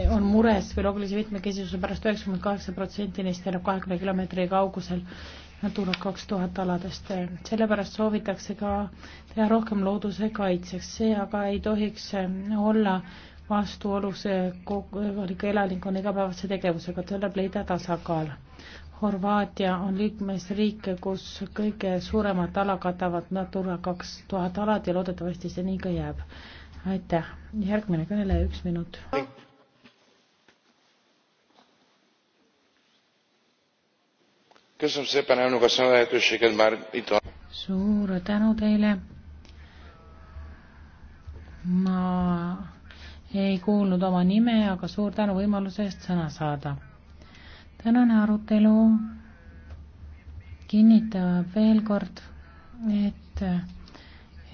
on mures bioloogilise mitmekesisuse pärast, üheksakümmend kaheksa protsenti neist elab kahekümne kilomeetri kaugusel Natura kaks tuhat aladest. sellepärast soovitakse ka teha rohkem looduse kaitseks, see aga ei tohiks ähm, olla vastuolus äh, kohaliku elanikkonna igapäevase tegevusega, tuleb leida tasakaal. Horvaatia on liikmesriik, kus kõige suuremat ala katavad Natura kaks tuhat alad ja loodetavasti see nii ka jääb. aitäh, järgmine kõneleja, üks minut. suur tänu teile. ma ei kuulnud oma nime, aga suur tänu võimaluse eest sõna saada. tänane arutelu kinnitab veel kord, et,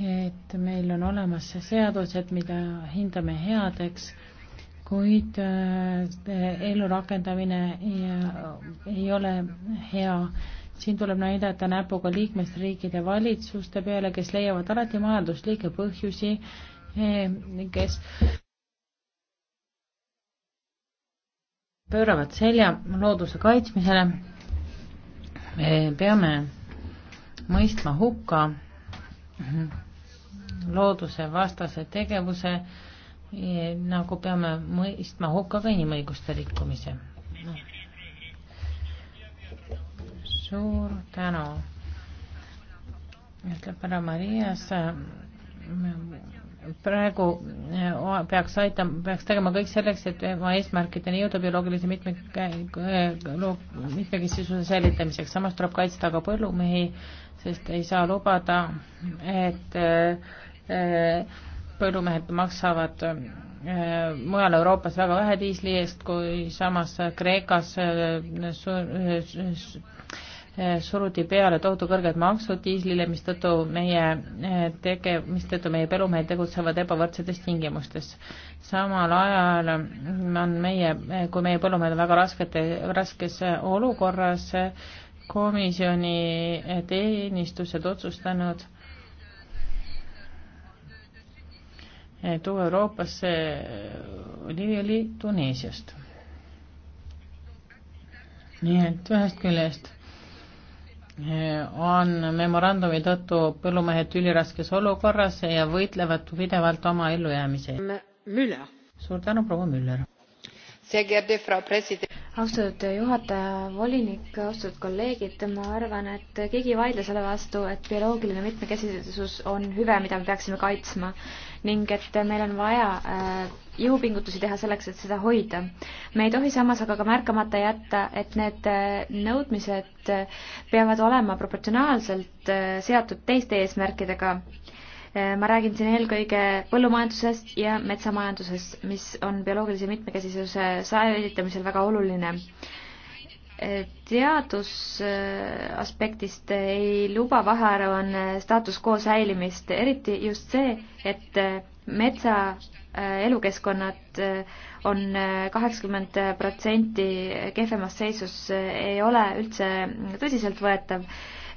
et meil on olemas seadused, mida hindame headeks kuid äh, ellurakendamine äh, ei ole hea. siin tuleb näidata näpuga liikmesriikide valitsuste peale, kes leiavad alati majanduslikke põhjusi, äh, kes pööravad selja looduse kaitsmisele. me peame mõistma hukka loodusevastase tegevuse äh, nagu peame mõistma hukka ka inimõiguste rikkumise. Noh. suur tänu, ütleb härra Marias. Äh, praegu äh, peaks aitama, peaks tegema kõik selleks, et oma eesmärkideni jõuda bioloogilise mitme, äh, mitmekesisuse säilitamiseks, samas tuleb kaitsta ka põllumehi, sest ei saa lubada, et äh, põllumehed maksavad äh, mujal Euroopas väga vähe diisli eest, kui samas Kreekas äh, äh, suruti peale tohutu kõrged maksud diislile, mistõttu meie tege-, mistõttu meie põllumehed tegutsevad ebavõrdsetes tingimustes. samal ajal on meie, kui meie põllumehed on väga raskete, raskes olukorras, komisjoni teenistused otsustanud tuua Euroopasse oliiviõli Tuneesiast. nii et ühest küljest eh, on memorandumi tõttu põllumehed üliraskes olukorras ja võitlevad pidevalt oma ellujäämise. suur tänu, proua Müller. austatud juhataja, volinik, austatud kolleegid, ma arvan, et keegi ei vaidle selle vastu, et bioloogiline mitmekesisus on hüve, mida me peaksime kaitsma ning et meil on vaja äh, jõupingutusi teha selleks, et seda hoida. me ei tohi samas aga ka märkamata jätta, et need äh, nõudmised äh, peavad olema proportsionaalselt seotud teiste eesmärkidega. ma räägin siin eelkõige põllumajandusest ja metsamajandusest, mis on bioloogilise mitmekesisuse säilitamisel väga oluline teadusaspektist ei luba vahearuanne staatus quo säilimist, eriti just see, et metsa äh, elukeskkonnad äh, on äh, kaheksakümmend protsenti kehvemas seisus, ei ole üldse tõsiseltvõetav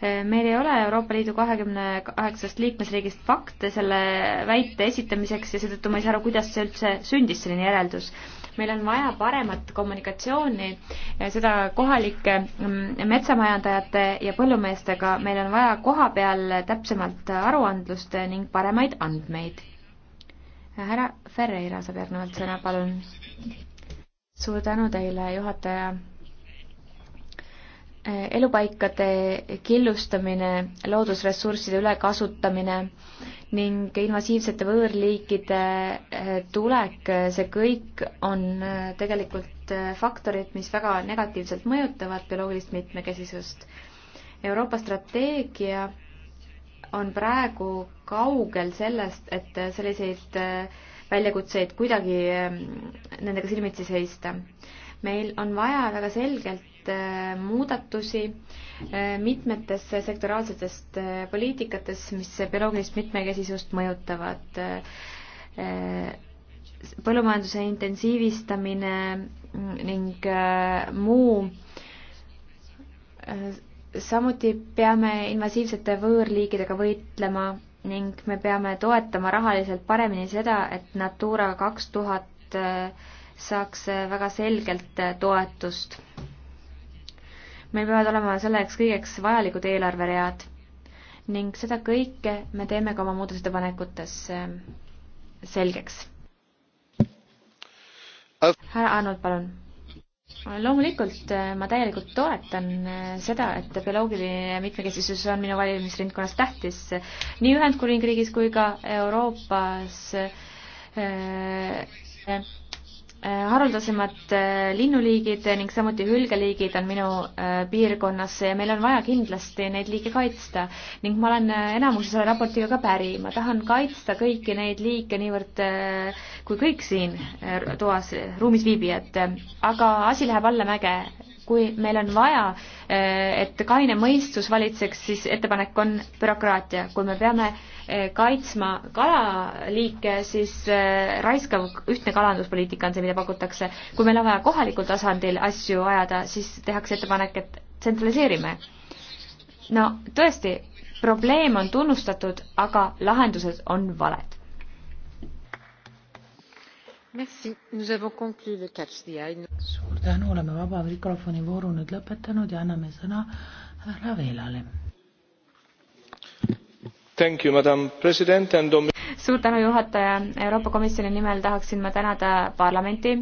meil ei ole Euroopa Liidu kahekümne kaheksast liikmesriigist fakte selle väite esitamiseks ja seetõttu ma ei saa aru, kuidas see üldse sündis, selline järeldus meil on vaja paremat kommunikatsiooni, seda kohalike mm, metsamajandajate ja põllumeestega, meil on vaja kohapeal täpsemalt aruandlust ning paremaid andmeid. härra Ferreira saab järgnevalt sõna, palun. suur tänu teile, juhataja elupaikade killustamine, loodusressursside ülekasutamine ning invasiivsete võõrliikide eh, tulek, see kõik on eh, tegelikult eh, faktorid, mis väga negatiivselt mõjutavad bioloogilist mitmekesisust. Euroopa strateegia on praegu kaugel sellest, et selliseid väljakutseid kuidagi nendega silmitsi seista. meil on vaja väga selgelt mitmeid äh, muudatusi äh, mitmetes sektoraalsetest äh, poliitikates, mis bioloogilist mitmekesisust mõjutavad. põllumajanduse intensiivistamine mm, ning muu. samuti peame invasiivsete võõrliigidega võitlema ning me peame toetama rahaliselt paremini seda, et Natura kaks tuhat saaks väga selgelt toetust meil peavad olema selleks kõigeks vajalikud eelarveread ning seda kõike me teeme ka oma muudatusettepanekutes ähm, selgeks. härra Arnold, palun. loomulikult äh, ma täielikult toetan äh, seda, et bioloogiline mitmekesisus on minu valimisringkonnas tähtis äh, nii Ühendkuningriigis kui ka Euroopas äh, Äh, haruldasemad äh, linnuliigid ning samuti hülgeliigid on minu äh, piirkonnas ja meil on vaja kindlasti neid liike kaitsta ning ma olen enamuse selle raportiga ka päri. ma tahan kaitsta kõiki neid liike niivõrd kui kõik siin toas, ruumis viibijad, aga asi läheb allamäge kui meil on vaja, eh, et kaine mõistus valitseks, siis ettepanek on bürokraatia. kui me peame eh, kaitsma kalaliike, siis eh, raiskav ühtne kalanduspoliitika on see, mida pakutakse. kui meil on vaja kohalikul tasandil asju ajada, siis tehakse ettepanek, et tsentraliseerime. no tõesti, probleem on tunnustatud, aga lahendused on valed suur tänu, oleme vaba mikrofoni vooru nüüd lõpetanud ja anname sõna härra Veelale. suur tänu, juhataja. Euroopa Komisjoni nimel tahaksin ma tänada parlamenti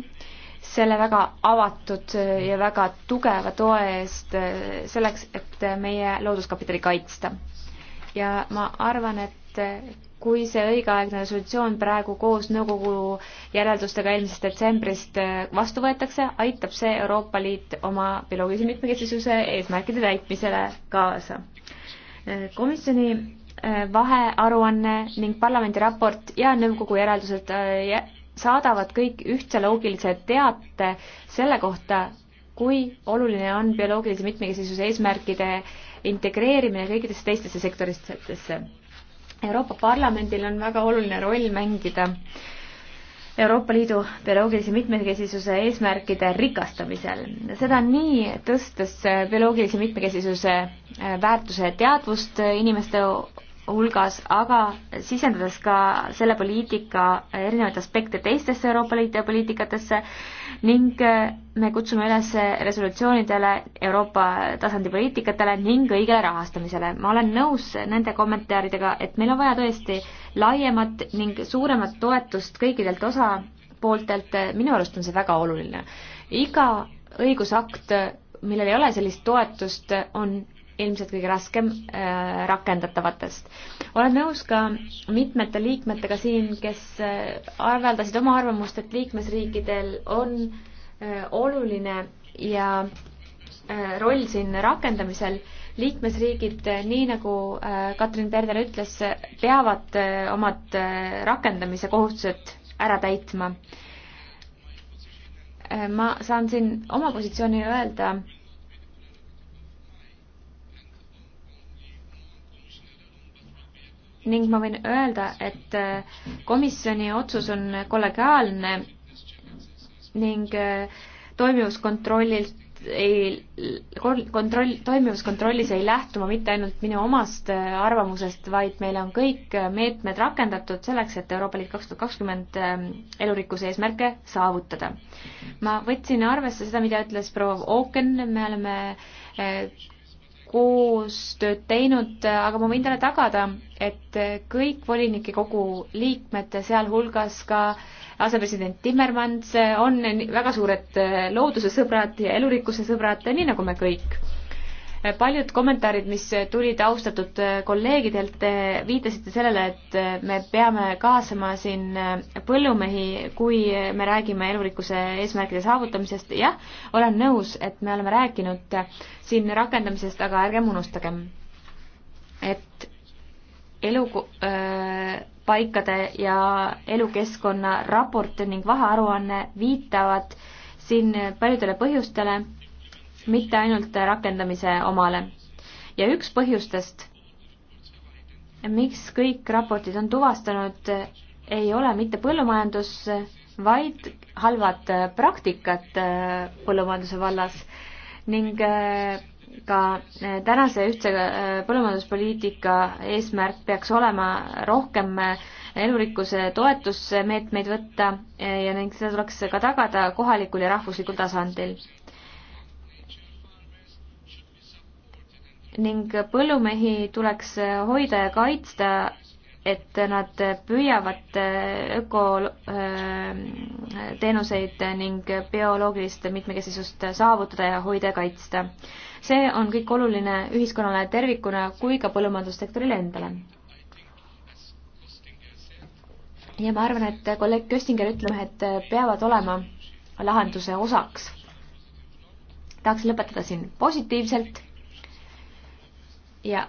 selle väga avatud ja väga tugeva toe eest selleks, et meie looduskapitali kaitsta. ja ma arvan, et kui see õigeaegne resolutsioon praegu koos nõukogu järeldustega eelmisest detsembrist äh, vastu võetakse, aitab see Euroopa Liit oma bioloogilise mitmekesisuse eesmärkide täitmisele kaasa. Äh, komisjoni äh, vahearuanne ning parlamendi raport ja nõukogu järeldused saadavad kõik ühtse loogilise teate selle kohta, kui oluline on bioloogilise mitmekesisuse eesmärkide integreerimine kõikidesse teistesse sektoritesse Euroopa Parlamendil on väga oluline roll mängida Euroopa Liidu bioloogilise mitmekesisuse eesmärkide rikastamisel. seda nii, tõstes bioloogilise mitmekesisuse väärtuse teadvust inimeste hulgas, aga sisendades ka selle poliitika erinevaid aspekte teistesse Euroopa Liidu poliitikatesse ning äh, me kutsume üles resolutsioonidele, Euroopa tasandi poliitikatele ning õigele rahastamisele. ma olen nõus nende kommentaaridega, et meil on vaja tõesti laiemat ning suuremat toetust kõikidelt osapooltelt, minu arust on see väga oluline. iga õigusakt millel ei ole sellist toetust, on ilmselt kõige raskem äh, rakendatavatest. olen nõus ka mitmete liikmetega siin, kes äh, avaldasid oma arvamust, et liikmesriikidel on äh, oluline ja roll siin rakendamisel. liikmesriigid, nii nagu Katrin Perder ütles, peavad omad rakendamise kohustused ära täitma. ma saan siin oma positsiooni öelda ning ma võin öelda, et äh, komisjoni otsus on kollegiaalne ning äh, toimivuskontrollilt ei, kontroll, toimivuskontrollis ei lähtu ma mitte ainult minu omast äh, arvamusest, vaid meil on kõik meetmed rakendatud selleks, et Euroopa Liit kaks tuhat kakskümmend ähm, elurikkuse eesmärke saavutada. ma võtsin arvesse seda, mida ütles proua Ooken, me oleme koostööd teinud, aga ma võin teile tagada, et kõik volinike kogu liikmed, sealhulgas ka asepresident Timmermans, on väga suured looduse sõbrad ja elurikkuse sõbrad, nii nagu me kõik paljud kommentaarid, mis tulid austatud kolleegidelt, viitasite sellele, et me peame kaasama siin põllumehi, kui me räägime elurikkuse eesmärkide saavutamisest. jah, olen nõus, et me oleme rääkinud siin rakendamisest, aga ärgem unustagem, et elu öö, äh, paikade ja elukeskkonna raport ning vahearuanne viitavad siin paljudele põhjustele mitte ainult rakendamise omale. ja üks põhjustest, miks kõik raportid on tuvastanud, ei ole mitte põllumajandus, vaid halvad praktikad äh, põllumajanduse vallas ning äh, ka äh, tänase ühtse põllumajanduspoliitika eesmärk peaks olema rohkem elurikkuse toetusmeetmeid võtta ja ning seda tuleks ka tagada kohalikul ja rahvuslikul tasandil. ning põllumehi tuleks hoida ja kaitsta, et nad püüavad äh, ökoteenuseid äh, ning bioloogilist mitmekesisust saavutada ja hoida ja kaitsta. see on kõik oluline ühiskonnale tervikuna kui ka põllumajandussektorile endale. ja ma arvan, et kolleeg Köstinger ütleb, et peavad olema lahenduse osaks. tahaks lõpetada siin positiivselt ja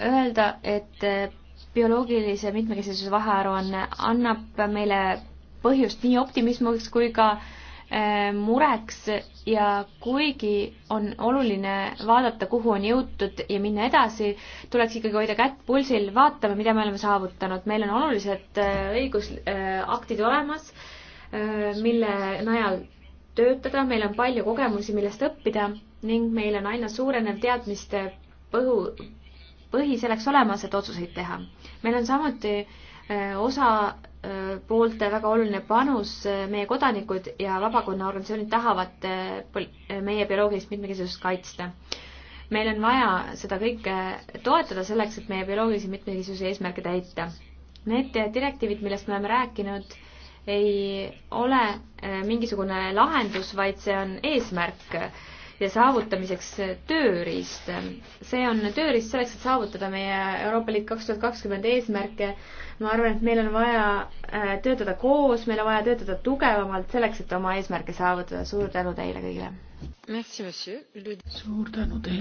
öelda, et äh, bioloogilise mitmekesisuse vahearuanne annab meile põhjust nii optimismiks kui ka äh, mureks ja kuigi on oluline vaadata, kuhu on jõutud ja minna edasi, tuleks ikkagi hoida kätt pulsil, vaatame, mida me oleme saavutanud. meil on olulised äh, õigusaktid olemas, mille najal töötada, meil on palju kogemusi, millest õppida ning meil on aina suurenev teadmiste põhu, põhi selleks olemas, et otsuseid teha. meil on samuti äh, osa äh, poolte väga oluline panus, äh, meie kodanikud ja vabakonnaorganisatsioonid tahavad meie bioloogilist mitmekesisust kaitsta. meil on vaja seda kõike toetada selleks, et meie bioloogilise mitmekesisuse eesmärke täita. Need direktiivid, millest me oleme rääkinud, ei ole mingisugune lahendus, vaid see on eesmärk ja saavutamiseks tööriist. see on tööriist selleks, et saavutada meie Euroopa Liit kaks tuhat kakskümmend eesmärke. ma arvan, et meil on vaja äh, töötada koos, meil on vaja töötada tugevamalt selleks, et oma eesmärke saavutada. suur tänu teile kõigile! suur tänu teile!